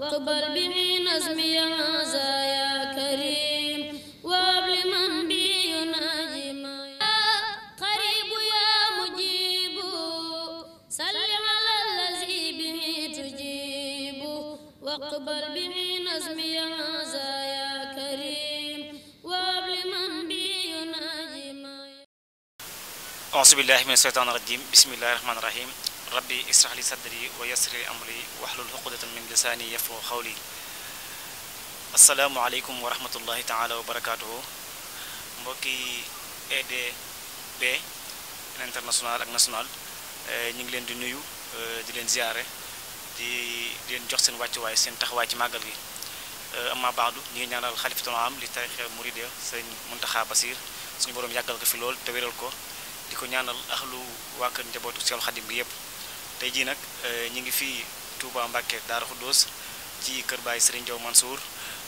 واقبل به نظم يا يا كريم وابل من بي يناجي ما قريب يا مجيب سل على الذي به تجيب واقبل به نظم يا يا كريم وابل من بي يناجي ما أعوذ بالله من الشيطان الرجيم بسم الله الرحمن الرحيم ربي اسرح لي صدري ويسر لي أمري واحلل عقدة من لساني يفقه قولي asalaamu aleykum wa rahmatullahi taala wa barakaatuhu mbokki EDB international ak national ñu ngi leen di nuyu di leen ziare di di leen jox seen wàccuwaay seen taxawaay ci màggal gi amma baadu ñu ngi ñaanal xalifatul am li tarixa muride sëñ Muntaxa Basir suñu boroom yàggal ko fi lool te wéral ko di ko ñaanal axlu waa kër njabootu Seexul Xadim gi yëpp tey jii nag euh, ñu ngi fii Touba Mbacké Darou dos ci kër baay Serigne Diaw Mansour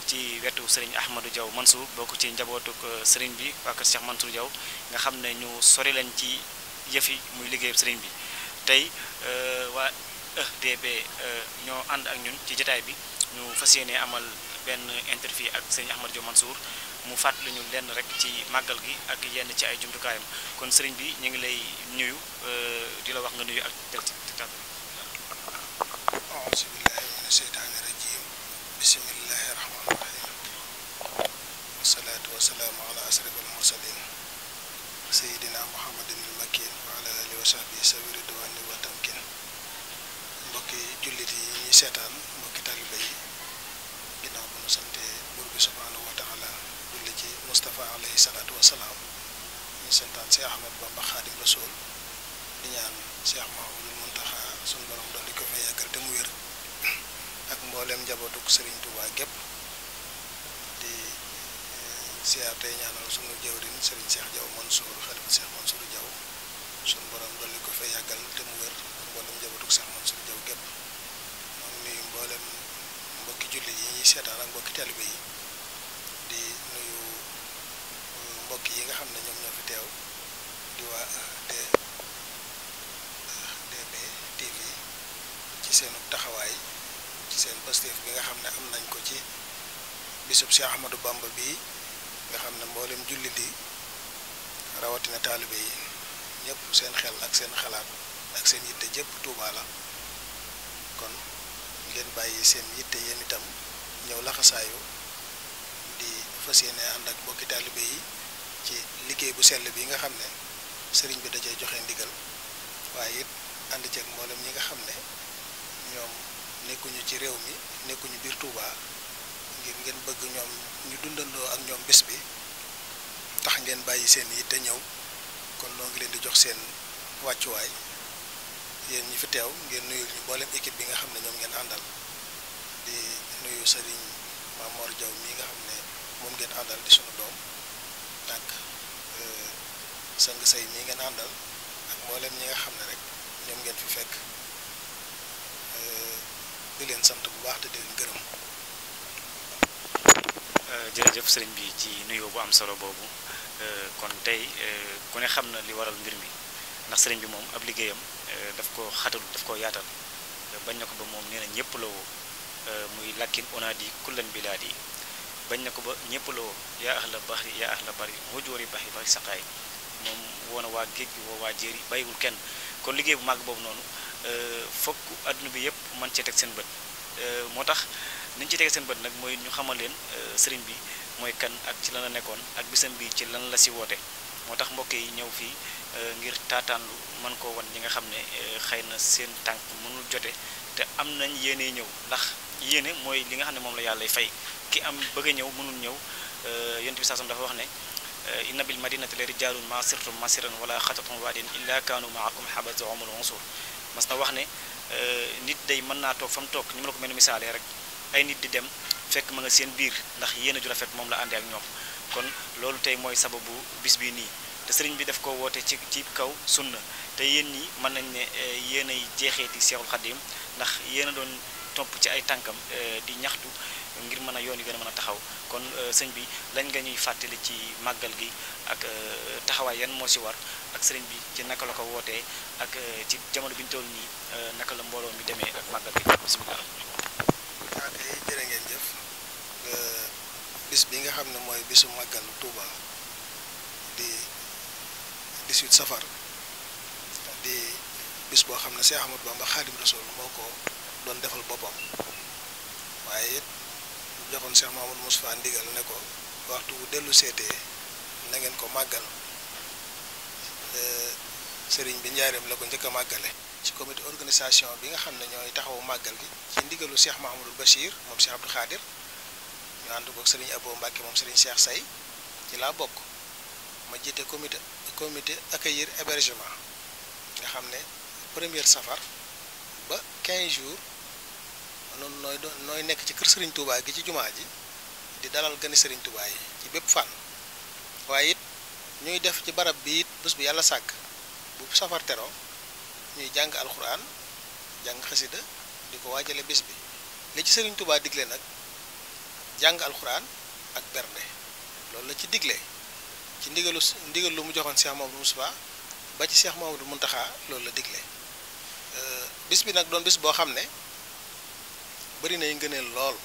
ci wetu Serigne jaw Diaw Mansour bokk ci njabootuk Serigne bi waa kër Cheikh Mansour Diaw nga xam ne ñu sori lañ ci yëf muy liggéeyu Serigne bi tey euh, waa EDB euh, ñoo ànd ak ñun ci jotaay bi ñu fas yéene amal benn interview ak Serigne Ahmadou Diaw Mansour. mu fàttali ñu lenn rek ci màggal gi ak yenn ci ay jumtukaayam kon sëriñ bi ñu ngi lay nuyu euh, di la wax nga nuyu ak telcikàd aousubillahi mina sheytaani rajim bismillahi rahmaani rahim wasalaatu wasalaamu ala asraf almursalin sayidina muhammadin almakin wa ala alihi wa sahbihi sawi tamkin mbokki jullit yi ñuy seetaan mbokki taliba yi ginnaaw bu nu sante bi subhanahu wa taala julli ci Mustafa alayhi salaatu wasalaam ñu santaat Cheikh Ahmad Bamba Xaadim Rasul di ñaan Cheikh Mahamadul Muntaxa suñu borom doon di ko fa yàggal te mu wér ak mbooleem njabootuk sëriñ Tuubaa gépp di siyaar tey ñaanal sunu jëwrin sëriñ Cheikh Jaw Mansour xalifa Cheikh Mansour Jaw suñu borom doon di ko fa te mu wér ak mbooleem Cheikh Mansour Jaw gépp moom nuyu mbooleem julli yi ak yi xam ne ñoom ñoo fi teew di waa ah, DB ah, TV ci seen taxawaay ci seen pasteef bi nga xam ne am nañ ko ci bisub Cheikh Ahmadou Bamba bii nga xam ne mbooleem jullit yi rawatina taalibe yi ñëpp seen xel ak seen xalaat ak seen yitte jëpp Tuubaa kon ngeen bàyyi seen yitte yéen itam ñëw laxasaayu di fas yéene ànd ak mbokki taalibe yi ci liggéey bu sell bi nga xam ne sëriñ bi da joxe ndigal waaye it ànd ceeg mboolem ñi nga xam ne ñoom nekkuñu ci réew mi nekkuñu biir Touba ngir ngeen bëgg ñoom ñu dundandoo ak ñoom bis bi tax ngeen bàyyi seen yitte ñëw kon noo ngi leen di jox seen wàccuwaay yéen ñi fi teew ngeen nuyul ñu mboolem équipe bi nga xam ne ñoom ngeen àndal di nuyu sëriñ Mamor Diaw mi nga xam ne moom ngeen àndal di sunu doom. tànk euh, sang say mii ngeen àndal ak mboolem ñi nga xam ne rek ñoom ngeen fi fekk euh, di leen sant bu baax te di leen gërëm. Euh, jërëjëf sëriñ bi ci nuyoo bu am solo boobu kon tey ku ne xam na li waral mbir mi ndax sëriñ bi moom ab liggéeyam daf ko xatal daf ko yaatal bañ na ko ba moom nee na ñëpp la muy lakkin onaadi kullan bilaadi bañ na ko ba ñëpp la woo yaa ax la baxri yaa ax la bari moo jóori baxri bari saqaay moom woon waa géej gi woo waa jéer yi bàyyiwul kenn kon liggéey bu màgg boobu noonu euh, fokk adduna bi yëpp man cee teg seen bët euh, moo tax ni ci teg seen bët nag mooy ñu xamal leen euh, sëriñ bi mooy kan ak ci lan nekkoon ak bisam bi ci lan la si woote moo tax mbokk yi ñëw fii ngir taataanlu man koo wan ñi nga xam ne xëy na seen tànk mënul jote te am nañ yéene ñëw ndax yéene mooy li nga xam ne moom la yàllay fay ki am bëgg a ñëw mënul ñëw euh, yonent bi saasam dafa wax ne euh, inna bil madinati la rijalun masirtum masiran wala xatatum waadin illa kaanu maakum habasa omul ansur mas na wax ne euh, nit day mën naa toog fa mu toog ñu ma la ko mel misaalee rek ay nit di dem fekk ma nga seen biir ndax yéene ju rafet moom la àndee ak ñoom kon loolu tey mooy sababu bis bi nii te sëriñ bi daf ko woote ci ci kaw sunna te yéen ñi mën nañ ne yéen ay jeexeeti Seexul Xadim ndax yéen a doon top ci ay tankam eh, di ñaxtu ngir mëna yoni yoon yi taxaw kon eh, sëñ bi lañ nga ñuy fàttali ci màggal gi ak eh, taxawaay yan moo ci war ak sëriñ bi ci naka la ko ak ci jamono biñ ñu toll nii naka la mbooloo mi demee ak màggal gi bismillah waaw ah, kay jërë ngeen jëf bis bi nga xam ne mooy bisu màggal Touba di suite safar di bis boo xam ne Cheikh Ahmadou Bamba Khadim Rasoul moo ko. doon defal boppam waaye it joxoon Cheikh Mamadou Moustapha ndigal ne ko waxtu dellu seetee na ngeen ko màggal sëriñ bi njaareem la ko njëkk a màggale ci comité organisation bi nga xam ne ñooy taxawu màggal gi ci ndigalu Cheikh Mahamadou Bachir moom Cheikh Abdou Khadir ñu ànd ko sëriñ Abo Mbacke moom sëriñ Cheikh Say ci laa bokk ma jiite comité comité accueillir hébergement nga xam ne première safar ba 15 jours noonu nooy doon nooy nekk ci kër sëriñ Touba gi ci jumaa ji di dalal gën sëriñ Touba yi ci bépp fànn waaye it ñuy def ci barab bi it bés yàlla sàkk bu safar teroo ñuy jàng alxuraan jàng xasida di ko waajale bés bi li ci sëriñ Touba digle nag jàng alxuraan ak bernde loolu la ci digle ci ndigalu ndigal lu mu joxoon Cheikh Mamadou Moustapha ba ci Cheikh Mamadou muntaxa loolu la digle euh, bis bi nag doon bis boo xam ne. bëri nay ngëneel lool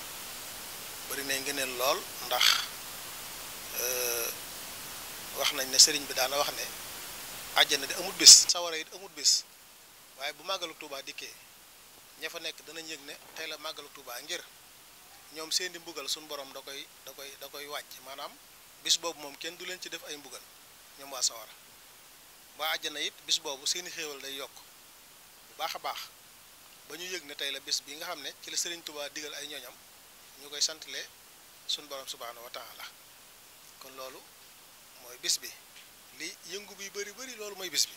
bëri nay ngëneel lool ndax euh, wax nañ ne sëriñ bi daana wax ne àjjana di amut bis sawara it amut bis waaye bu màggalu Tuubaa dikkee ña fa nekk danañ yëg ne tey la màggalu ngir ñoom seeni mbugal suñu borom da koy da koy da koy wàcc maanaam bis boobu moom kenn du leen ci def ay mbugal ñoom waa sawara waa àjjana it bis boobu seeni xéewal day yokk bu baax a baax bañu ñu yëg ne tey la bés bi nga xam ne ci la sëriñ tubaa digal ay ñooñam ñu koy santale sun borom subhanahu wa taala kon loolu mooy bis bi li yëngu bi bari bari loolu mooy bis bi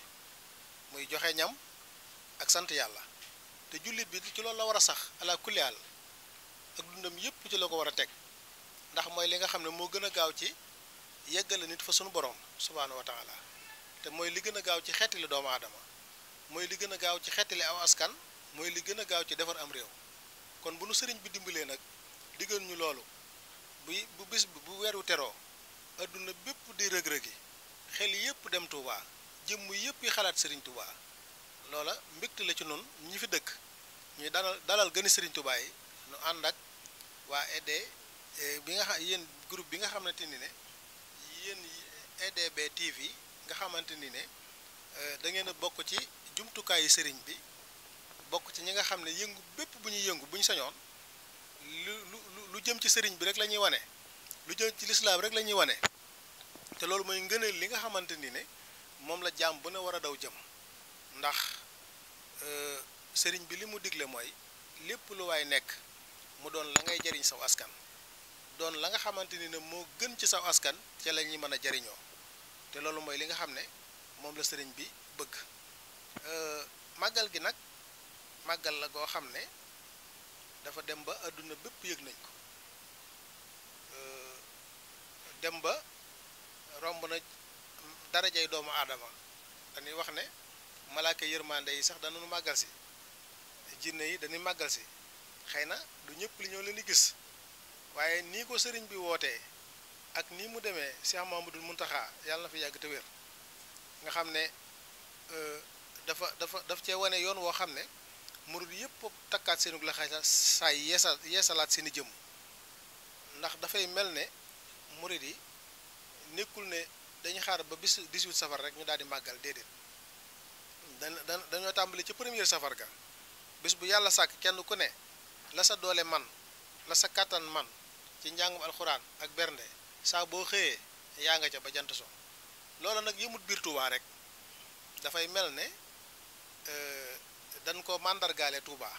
muy joxe ñam ak sant yàlla te jullit bi ci loolu la war sax ala kulli al ak dundam yépp ci la ko war a teg ndax mooy li nga xam ne moo gën a gaaw ci yeggal nit fa sunu borom subhanahu wa taala te mooy li gën a gaaw ci li doomu aadama mooy li gën gaaw ci li aw askan mooy li gën a gaaw ci defar am réew kon bu nu sëriñ bi dimbalee nag diggal ñu loolu bu bu bis bu weeru teroo adduna bépp di rëg-rëgi xel yépp dem Touba jëmm yépp xalaat sëriñ Touba loola mbégte la ci noonu ñi fi dëkk ñuy dalal dalal gën a sëriñ Touba yi nu ànd ak waa ED eh, bi nga xam yéen groupe bi nga xamante ni ne yéen EDB TV nga xamante ni ne eh, da ngeen bokk ci jumtukaayu sëriñ bi bokk ci ñinga xamne bunyi yëngu bëpp bu ñuy yëngu bu ñu sañoon lu lu lu jëm ci sëriñ bi rek lañuy lu jëm ci l'islam rek lañuy wane te loolu moy ngëneel li nga xamanteni ne la jaam bu ne wara daw jëm ndax euh, sëriñ bi limu diglé moy lepp lu way nek mu doon la ngay jariñ saw askan doon la nga xamanteni ne moo gën ci saw askan ci lañuy mëna mën te loolu moy li nga mom la sëriñ bi bëgg euh, magal gi nak màggal la goo xam ne dafa dem ba àdduna bépp yëg nañ ko euh, dem ba romb na darajay doomu aadama dañuy wax ne malaaka yërmande yi sax danañu màggal si jinne yi dañuy màggal si xëy na du ñëpp li ñoo leen di gis waaye nii ko sëriñ bi wootee ak nii mu demee Cheikh Mamadou Mountakha yàlla na fi yàgg te nga xam ne euh, dafa dafa daf cee wane yoon woo xam ne murid yëpp takkaat seenug laxaay saay yeesa yeesalaat seen i jëm ndax dafay mel ne murid yi nekkul ne dañu xaar ba bis 18 safar rek ñu daal di màggal déedéet da dañoo tàmbali ci premier safar ga bis bu yàlla sàkk kenn ku ne la sa doole man la sa kàttan man ci njàngum alxuraan ak bernde saa boo xëyee yaa nga ca ba jant so loola nag yëmut biir Tuubaa rek dafay mel ne euh, dan ko màndargaale Touba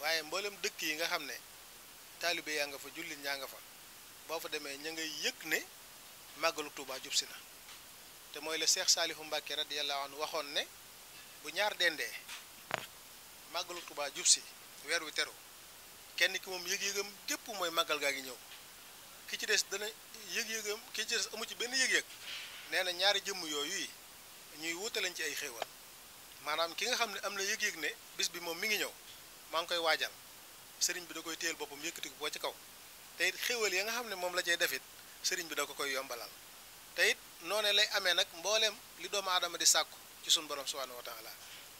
waaye mboolem dëkk yi nga xam ne taalibe yaa nga fa jullit ñaa nga fa boo fa demee ñu ngay yëg ne màggalu Touba jub si na te mooy la Seex Saalihu Mbàkke radiyallahu anhu waxoon ne bu ñaar dendee màggalu Touba jub si weer wi teru kenn ki moom yëg-yëgam képp mooy màggal gaa ngi ñëw ki ci des dana yëg-yëgam ki ci des amu ci benn yëg-yëg nee na ñaari jëmm yooyu ñuy wutalañ ci ay xéewal maanaam ki nga xam ne am na yëg-yëg ne bis bi moom mi ngi ñëw maa ngi koy waajal sëriñ bi da koy téyel boppam yëkkati ko ci kaw te it xéwal ya nga xam ne moom la cay defit sëriñ bi da ko koy yombalal te it noonee lay amee nag mbooleem li doomu aadama di sàkku ci sunu borom subhanahu wa taala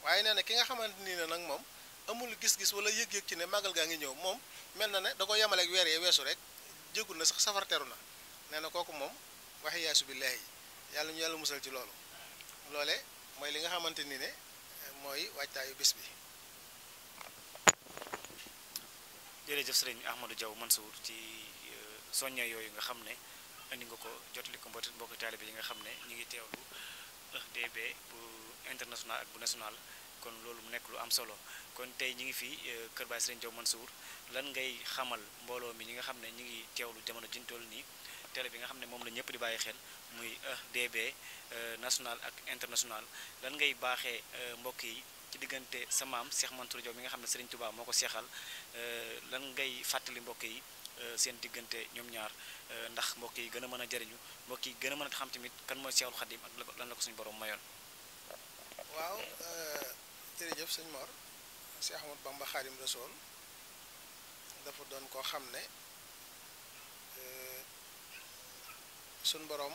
waaye nee na ki nga xamante ni ne nag moom amul gis-gis wala yëg-yëg ci ne màggal gaa ngi ñëw moom mel na ne da ko yemaleeg weer yee weesu rek jégul na sax safar teru na nee na kooku moom waxi yaasu billaahi yàlla ñu yàlla ci loolu mooy li nga xamante ni ne mooy waajtaayu bis bi jërëjëf sëriñ Ahmadou Diaw Mansour ci euh, soñña yooyu nga xam ne indi nga ko jotali ko mbokk mbokki taalibe yi nga xam ne ñu ngi teew teewlu EDB bu international ak bu national kon loolu mu nekk lu am solo kon tey ñi ngi fii euh, kër baay sëriñ Diaw Mansour lan ngay xamal mbooloo mi ñi nga xam ne ñi ngi teewlu jamono jiñ toll nii télé bi nga xam mom la ñëpp di bayyi xel muy eh, DB eh, national ak international lan ngay baxé eh, mbokk yi ci digënté sa mam Cheikh Mansour Diop mi nga xam Serigne Touba moko xéxal lan ngay fatali mbokk yi seen digënté ñom ñaar ndax mbokk yi gëna a jëriñu a mbokk yi gëna a a xam tamit kan mooy Cheikhul Khadim ak lan la ko suñu borom mayoon. waaw Diop Serigne Mor Cheikh Ahmadou Bamba Khadim Rasoul dafa doon ko xam suñ boroom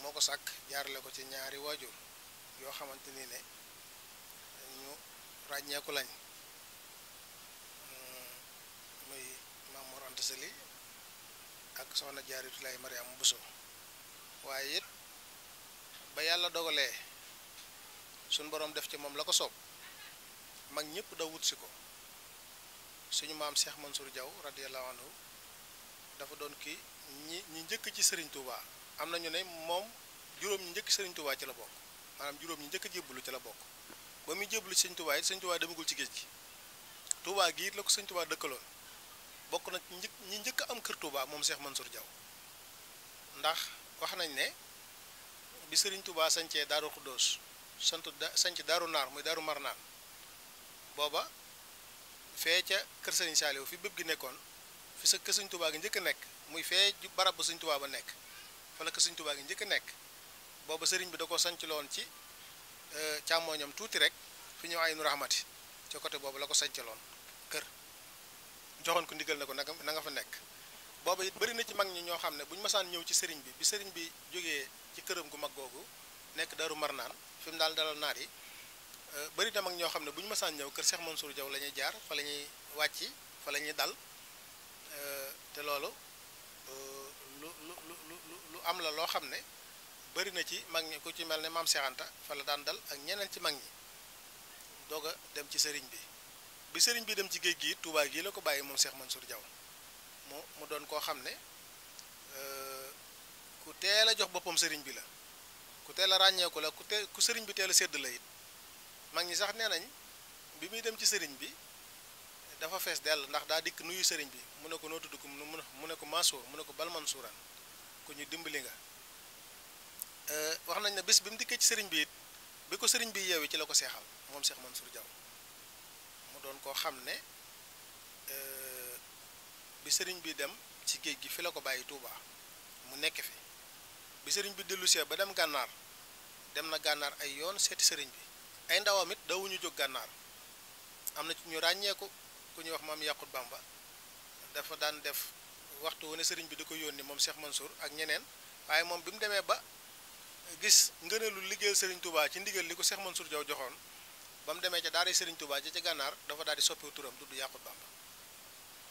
moo ko sàkk jaarale ko ci ñaari waajur yoo xamante ni ne ñu ràññeeku lañ mm, muy Maam Mor Anta ak soxna jaaritu lay Mariama Bousso waaye it ba yàlla dogalee suñ boroom def ci moom la ko soob mag ñëpp da wut si ko suñu maam Cheikh Mansour Diaw radiyallahu anhu dafa doon ki ñi ñi njëkk ci sëriñ Touba. am na ñu ne moom juróom ñi njëkk sëriñ Tuubaa ci la bokk maanaam juróom ñi njëkk a jébbalu ci la bokk ba muy jébbalu ci sëriñ Tuubaa it sëriñ Tuubaa demagul ci géej gi Tuubaa gi it la ko sëriñ Tuubaa dëkkaloon bokk na ñi ñi njëkk a am kër Tuubaa moom seex Cheikh Mansour Diaw ndax wax nañ ne bi sëriñ Tuubaa sancee Daaru Xuddoos sant da sanc Daaru Naar muy Daaru Marnaan booba fee ca kër sëriñ Saaliw fi bépp gi nekkoon fi sa kër sëriñ Tuubaa gi njëkk a nekk muy fee barab bu sëriñ ba nekk wala que sëñ Tuubaa njëkk a nekk booba sëriñ bi da ko sanc loon ci euh, càmmooñam tuuti rek fi ñëw aynu rahmati ci côté boobu la ko sanc kër joxoon ko ndigal na ko nanga na nga fa nekk booba it bëri na ci mag ñi ñoo xam ne bu masaan ñëw ci sëriñ bi bi sëriñ bi jógee ci këram gu mag googu nekk daru marnaan fi mu daal dalal naar yi euh, bëri na mag ñoo xam ne bu masaan ñëw kër Cheikh Mansour Diaw la ñuy jaar fa la ñuy wàcc fa la ñuy dal euh, te loolu lu lu lu lu am la loo xam ne bëri na ci mag ñi ku ci mel ne maam Cheikh fa la daan dal ak ñeneen ci mag ñi doog a dem ci sëriñ bi bi sëriñ bi dem ci géej gi Touba gii la ko bàyyi moom Cheikh Mansour jaw mu mu doon koo xam ne euh, ku teel a jox boppam sëriñ bi la ku teel a ràññeeku la ku te ku sëriñ bi teel a sédd la mag ñi sax nee nañ bi muy dem ci sëriñ bi. dafa fess del ndax da dik nuyu serigne bi mu ne ko noo tudd ko mu ne ko Mansour mu ne ko bal Mansouran ko ñu dimbali nga eh, wax nañ ne bés bi mu dikke ci serigne bi bi ko serigne bi yewi ci lako ko mom Cheikh Mansour Diaw mu doon ko xamne ne eh, bi serigne bi dem ci geej gi fi lako ko Touba mu nekk fi bi serigne bi delu ba dem gannar dem na gannar ay yoon seti serigne bi ay ndawamit dawuñu jog gannar amna ci ñu ku ñuy wax maam Yàqut Bamba dafa daan def waxtu wu ne sëriñ bi di ko yónni moom Cheikh Mansour ak ñeneen waaye moom bi mu demee ba gis ngëneelu liggéeyal sëriñ tubaa ci ndigal li ko Cheikh Mansour Diaw joxoon ba mu demee ca daara sëriñ tubaa ji ca gànnaar dafa daal di soppiwu turam dudd Yàqut Bamba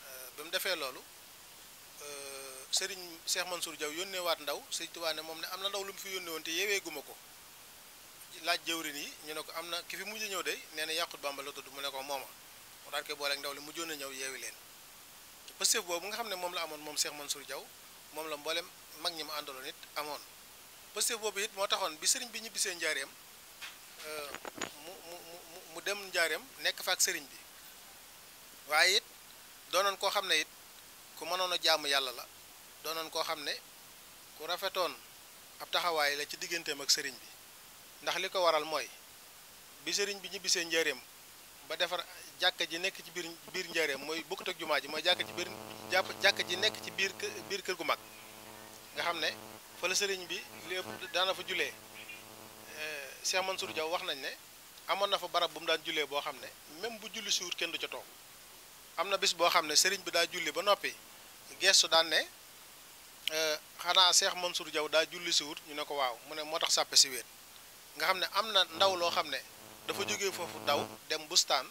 euh, bi mu defee loolu euh, sëriñ Cheikh Mansour Diaw waat ndaw sëriñ Touba ne moom ne am na ndaw lu mu fi yónnee woon te yeewee guma ko laaj jëwrin yi ñu ne ko am na ki fi mujj ñëw de nee na Yàqut Bamba la tudd mu ne ko mooma mu daan koy booleeg ndaw li mujjoon na ñëw yeewi leen pëstéef boobu nga xam ne moom la amoon moom Cheikh Mansour Diaw moom la mboolem mag ñi mu àndaloon it amoon pëstéef boobu it moo taxoon bi bi ñibbisee njaareem euh, dem njaareem nekk fa ak sëriñ bi waaye it doonoon koo xam ne it ku mënoon a jàmm yàlla la doonoon koo xam ne ku rafetoon ab taxawaay la ci digganteem ak sëriñ bi ndax li ko waral mooy bi sëriñ bi ñibbisee njaareem ba defar jàkka ji nekk ci biir biir njaareem mooy bokkut ak jumaa ji mooy jàkka ci biir jàpp jàkka ji nekk ci biir biir kër gu mag nga xam ne fa la sëriñ bi lépp daana fa julee man eh, Mansour jaw wax nañ ne amoon na fa barab bu mu daan jullee boo xam ne même bu julli siwut kenn du ca toog am na bis boo xam ne sëriñ bi daa julli ba noppi gestu daan ne eh, xanaa man Mansour jaw daa julli siwut ñu ne ko waaw mu ne moo tax sàppe si wéet nga xam ne am na ndaw loo xam ne dafa jógee foofu daw dem bustaan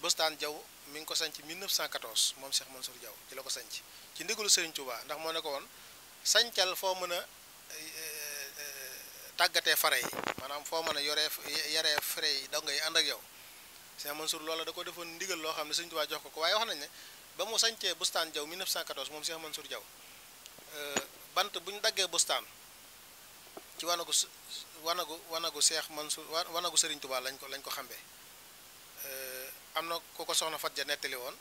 Bostaan jaw mi ngi ko sanc 1914 moom Cheikh Mansour Diaw ci la ko sanc ci ndigalu Serigne Touba ndax moo ne ko woon sancal foo mën a eh, eh, tàggatee fare yi maanaam foo mën a yoree yaree fare yi da ngay ànd ak yow Cheikh Mansour loola da ko defoon ndigal loo xam ne Serigne Touba jox ko ko waaye wax nañ ne ba mu sancee Bostaan Diaw 1914 moom Cheikh Mansour Diaw eh, bant bu ñu daggee Bostaan ci wanagu wanagu seex Cheikh Mansour wanagu Serigne Touba lañ ko lañ ko xambee am na ku ko soxna Fat ja nettali woon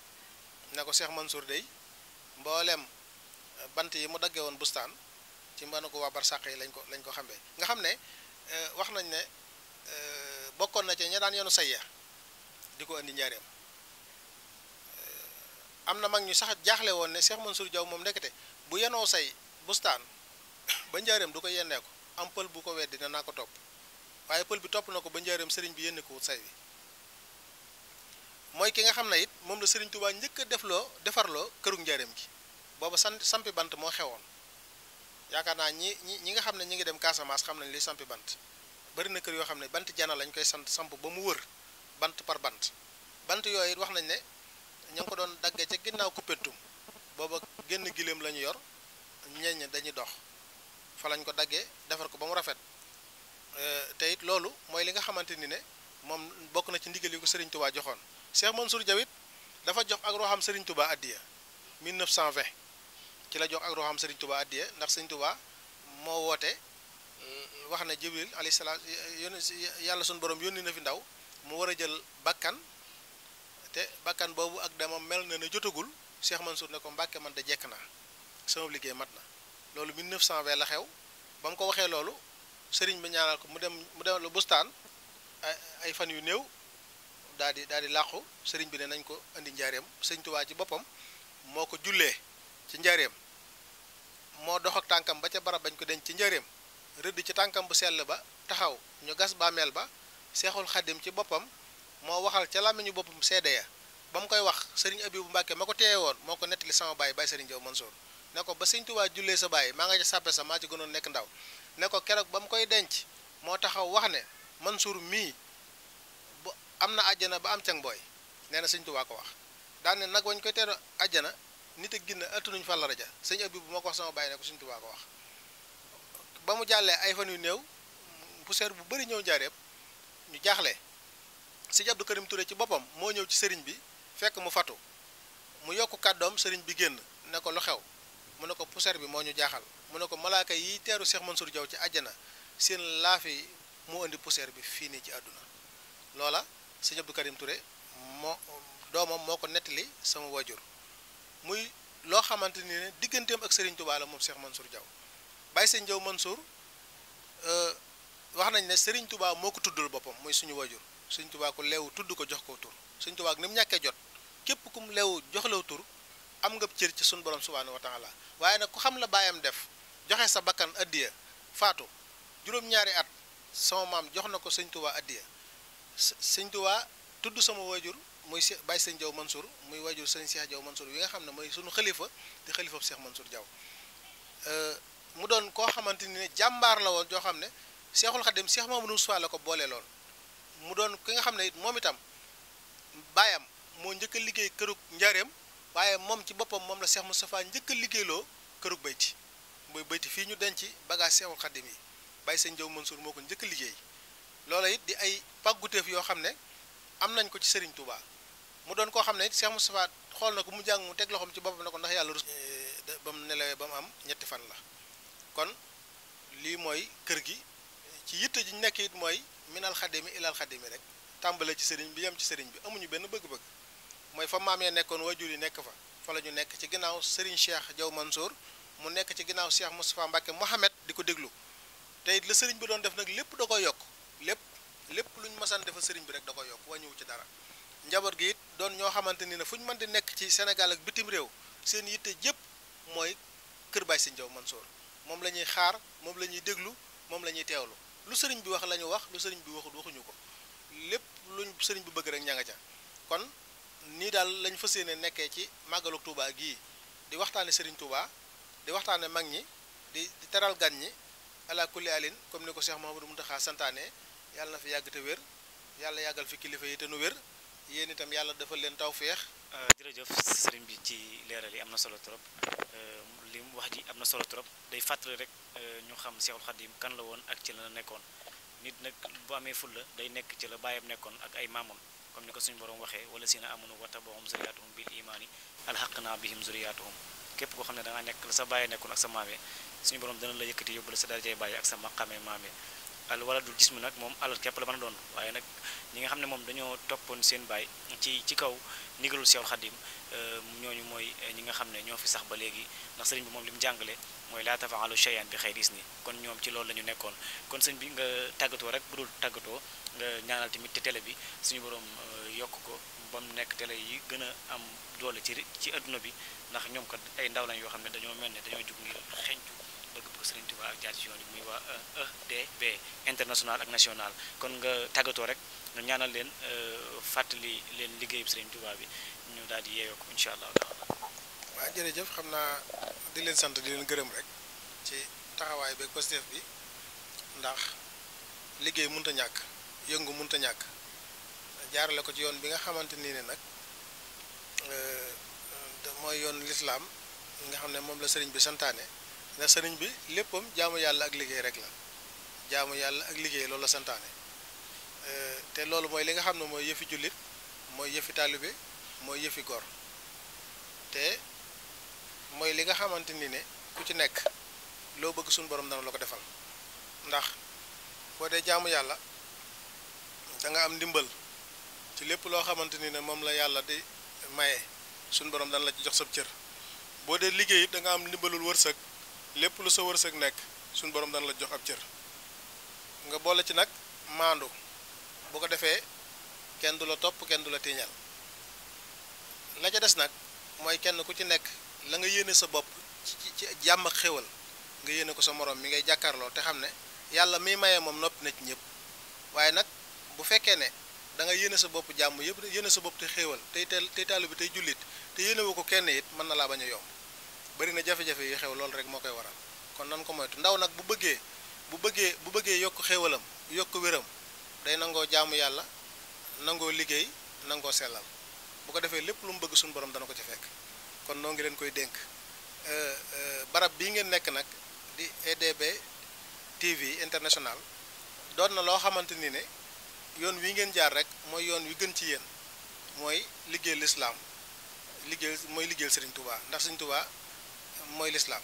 ne ko Cheikh Mansour dey mboolem eh, bant yi mu daggee woon bustaan ci mbana ko waa barsàq yi lañ ko lañ ko xamee nga xam ne eh, wax nañ ne eh, bokkoon na ci ña daan yoonu sayya di ko indi njaareem am na mag ñu sax jaaxle woon ne Cheikh Mansour jaw moom ndekete bu yenoo say bustaan ba njaareem du ko yennee ko am pël bu ko weddi dina naa ko topp waaye pël bi topp na ko ba njaareem sëriñ bi yenn ko wut say bi mooy ki nga xam ne it moom la Serigne Touba njëkk a defloo defarloo kërug njaareem gi booba sant sampi bant moo xewoon yaakaar naa ñi ñi ñi nga xam ne ñi ngi dem Casamance xam nañ li sampi bant bari na kër yoo xam ne bant jana lañ koy sant samp ba mu wër bant par bant bant yooyu wax nañ ne ña ngi ko doon daggee ca ginnaaw kuppentum booba génn giléem lañu yor ñeñ dañuy dox fa lañ ko daggee defar ko ba mu rafet euh, te it loolu mooy li nga xamante ni ne moom bokk na ci ndigal yi ko Serigne joxoon Cheikh Mansour Diawit dafa jox ak roxam Serigne Touba addiya 1920 ci la jox ak roxam Serigne Touba ndax Serigne Touba moo woote euh, wax na Jibril alayhi salaam yàlla sunu borom yónni na fi ndaw mu war a jël bakkan te bakkan boobu ak dama mel na ne jotagul Cheikh Mansour ne ko Mbàkke man de jekk naa sama liggéey mat na loolu 1920 la xew ba mu ko waxee loolu sëriñ bi ñaanal ko mu dem mu dem lu bustaan ay fan yu néew daal di daal di làqu sëriñ bi ne nañ ko indi njaareem sëriñ Tuubaa ci boppam moo ko jullee ci njaareem moo dox ak tànkam ba ca barab bañ ko denc ci njaareem rëdd ci tànkam bu sell ba taxaw ñu gas bàmmeel ba seexul xaddim ci boppam moo waxal ca làmmiñu boppam seede ya ba mu koy wax sëriñ Abibu Mbàkke ma ko teewe woon moo ko nettali sama baay baay sëriñ Jaw Mansour ne ko ba sëriñ Tuubaa jullee sa baay maa nga ca sàppe sa maa ci gënoon nekk ndaw ne ko keroog ba mu koy denc moo taxaw wax ne Mansour mii am na àjjana ba am cang booy nee na sëñ Tuubaa ko wax daan ne nag wañ koy teeru àjjana nit ak ginne ëttunuñ fa laraja sëñ Abibu bu ma ko wax sama bàyyi ne ko sëñ Tuubaa ko wax ba mu jàllee ay fan yu néew poussière bu bëri ñëw njaareeb ñu jaaxle sëñ Abdou Karim Touré ci boppam moo ñëw ci sëriñ bi fekk mu fatu mu yokk kàddoom sëriñ bi génn ne ko lu xew mu ne ko poussière bi moo ñu jaaxal mu ne ko malaaka yi teeru Cheikh Mansour Diaw ci àjjana seen laafi moo indi poussière bi fii nii ci àdduna loola sëñ Abdou Karim Touré moo doomam moo ko nettali sama wajur muy loo xamante ni ne digganteem ak Serigne Touba la moom Cheikh Mansour Diaw Baye Sëñ Diaw Mansour euh, wax nañ ne Serigne tubaa moo ko tuddul boppam muy suñu wajur Serigne tubaa ko leewu tudd ko jox ko tur Serigne Touba ak ni mu ñàkkee jot képp kum leewu jox la tur am nga cër ci suñu borom subhaanahu wa taala waaye nag ku xam la baayam def joxe sa bakkan addiya faatu juróom-ñaari at sama maam jox na ko Serigne Touba sëñ Tuubaa tudd sama waajur muy se bàyyi sëñ Jaw Mansour muy waajur sëñ Cheikh Jaw Mansour wi nga xam ne mooy sunu xalifa di xalifa Cheikh Mansour Jaw euh, mu doon koo xamante ni ne jàmbaar la woon joo xam ne Cheikhul seex Cheikh Mamadou Moussa la ko boole lool mu doon ki nga xam ne it moom itam baayam moo njëkk liggéey kërug njaareem waaye moom ci boppam moom la Cheikh Moustapha njëkk a liggéeyloo kërug bayti mooy bayti fii ñu denc bagage Cheikhul Khadim yi bàyyi sëñ Jaw Mansour moo ko njëkk a liggéey loola it di ay pàgguteef yoo xam ne am nañ ko ci sëriñ Touba mu doon koo xam ne it Cheikh Moustapha xool na ko mu jàng mu teg loxoom ci boppam ne ko ndax yàlla rus eh, ba mu ba mu am ñetti fan la kon lii mooy kër gi ci yitte ji ñu nekk mooy minal xadimi rek tàmbale ci sëriñ bi yem ci sëriñ bi amuñu benn bëgg-bëgg mooy fa maam ya nekkoon wajur yi nekk fa fa ñu nekk ci ginnaaw Serigne Cheikh Diaw Mansour mu nekk ci ginnaaw Cheikh Moustapha Mbacke Mohamed di ko déglu tey it la sëriñ bi doon def nag lépp da koy yokk lépp lépp luñ mësan defal sëriñ bi rek da ko yokk wàññiwu ci dara njaboot gi it doon ñoo xamante ni ne fu ñu mën di nekk ci Sénégal ak bitim réew seen yitte jëpp mooy kër Baye Serigne man Mansour moom la ñuy xaar moom la ñuy déglu moom la ñuy teewlu lu sëriñ bi wax la ñu wax lu sëriñ bi waxut waxuñu ko lépp luñ sëriñ bu bëgg rek ña nga ca kon nii daal lañu fas yéene nekkee ci màggalu Touba gii di waxtaane sëriñ Touba di waxtaane mag ñi di di teral gan ñi ala kulli alin comme ni ko Cheikh Mouhamadou Mountakha santaane yàlla na fi yàgg te wér yàlla yàggal fi kilifa yi te nu wér yéen itam yàlla dafa leen taw feex euh, jërëjëf sëriñ bi ci leeral yi am na solo trop euh, li mu wax ji am na solo trop day fàttali rek euh, ñu xam Seexul Xadim kan la woon ak ci la nekkoon nit nag bu amee fulla day nekk ci la bàyyam nekkoon ak ay maamam comme ni ko suñu borom waxee wala si na amunu watabahum zuriyaatuhum bil imaani alhaqna bihim zuriyaatuhum képp koo xam ne da nga nekk la sa bàyyi nekkoon ak sa maamee suñu borom dana la yëkkati yóbbu la sa darajay bàyyi ak sa maqamee maamee al waladul jism nag moom alal képp la mën a doon waaye nag ñi nga xam ne moom dañoo toppoon seen baay ci ci kaw ndigalul Seexul Xadim euh, ñooñu mooy ñi nga xam ne ñoo fi sax ba léegi ndax sëriñ bi moom li mu jàngale mooy laa tafaalu shay'an bi xayris ni kon ñoom ci loolu la ñu nekkoon kon sëñ bi nga tàggatoo rek bu dul tàggatoo nga ñaanal tamit te télé bi suñu borom euh, yokk ko ba mu nekk télé yi gën a am doole ci ci adduna bi ndax ñoom kat ay ndaw lañ yoo xam ne dañoo mel ne dañoo jug ngir xeñcu bëgg bu Serigne Touba jaar ci yoon yi muy waa EDB euh, e international ak national kon nga tàggatoo rek nga ñaanal leen euh, fàttali leen liggéeyub Serigne Touba bi ñu daal di yeeyoo ko incha allah taala waaw jërëjëf xam naa di leen sant di leen gërëm rek ci taxawaay beeg positif bi ndax liggéey mënut a ñàkk yëngu mënut a ñàkk jaarale ko ci yoon bi nga xamante ni ne nag euh, mooy yoon lislaam nga xam ne moom la sëriñ bi santaane ne sëriñ bi léppam jaamu yàlla ak liggéey rek la jaamu yàlla ak liggéey loolu la santaane euh, te loolu mooy li nga xam ne mooy yëfi jullit mooy yëfi taalibe mooy yëfi gor te mooy li nga xamante ni ne ku ci nekk loo bëgg suñu borom dana la ko defal ndax boo dee jaamu yàlla da nga am ndimbal ci lépp loo xamante ni ne moom la yàlla di maye suñu borom dana la ci jox sab cër boo dee liggéey it da nga am ndimbalul wërsëg lepp lu sa wërsëg nek suñu borom dañ la jox ab cër nga bolé ci nak maandu bu ko défé kenn du la top kenn du la tiiñal la ca dess nak moy kenn ku ci nek la nga yéene sa bop ci jamm ak nga yéene ko sa morom mi ngay jakarlo té xamné ne mi mayé mom nopp na ci ñëpp waaye nak bu féké né da nga yéene sa bop jamm yépp yéene sa bop te xéewal té té tey bi té jullit te yéene wu ko kenn it mën na yomb bëri na jafe-jafe yu xew loolu rek moo koy waral kon nan ko moytu ndaw nag bu bëggee bu bëggee bu bëggee yokk xewalam yokk wéram day nangoo jaamu yàlla nangoo liggéey nangoo sellal bu ko defee lépp lu mu bëgg suñu borom dana ko ci fekk kon noo ngi leen koy dénk euh, euh, barab bii ngeen nekk nag di EDB TV international doon na loo xamante ni ne yoon wi ngeen jaar rek mooy yoon wi gën ci yéen mooy liggéey lislaam liggéey mooy liggéeyal Sëriñ tubaa ndax Sëriñ Tuubaa mooy lislaam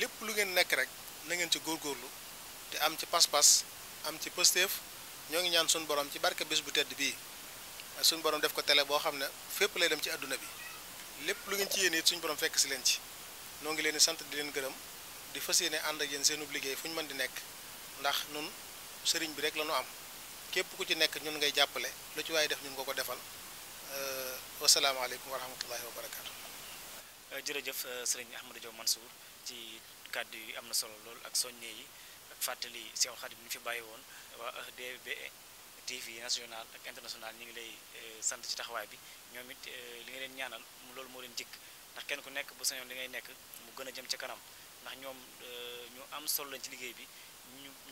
lépp lu ngeen nekk rek na ngeen ci góorlu te am ci pas-pas am ci pëstéef ñoo ngi ñaan suñu borom ci barke bés bu tedd bii suñu borom def ko tele boo xam ne fépp lay dem ci àdduna bi lépp lu ngeen ci yéen it suñu borom fekk si leen ci noo ngi leen di sant di leen gërëm di fas yéene ànd ak yéen seen liggéey fu ñu mën di nekk ndax nun sëriñ bi rek la ñu am képp ku ci nekk ñun ngay jàppale lu ci waaye def ñun nga ko defal wasalaamaaleykum wa rahmatullahi wa barakaatu. Euh, jërëjëf euh, sëriñ Ahmadou Diaw Mansour ci kàddu yi am na solo lool ak soññe yi ak fàttali Seex bi ñu fi bàyyi woon waa EDB TV national ak international ñu ngi lay euh, sant ci taxawaay bi ñoom it li nga leen ñaanal mu loolu moo leen jikk ndax kenn ku nekk bu sañoon li ngay nekk mu gën a jëm ca kanam ndax ñoom ñu am solo lañ ci liggéey bi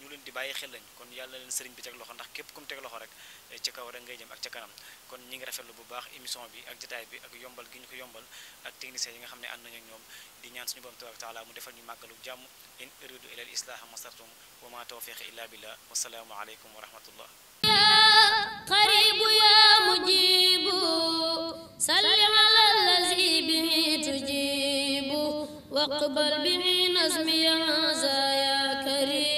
ñu leen di bàyyi xel lañ kon yàlla na leen sëriñ bi teg loxo ndax képp kum teg loxo rek eh, ca kaw rek ngay jëm ak ca kanam kon ñi ngi rafetlu bu baax émission bi ak jotaay bi ak yombal gi ñu ko yombal ak technicien yi nga xam ne ànd nañu ak ñoom di ñaan suñu borom tabaraka taala mu defal ñu màggalu jàmm in uridu ila al islaha mastartum wa ma tawfiqi illa billah wasalaamu aleykum wa rahmatullah قريب يا مجيب صل على الذي به تجيب واقبل به نزمي هذا يا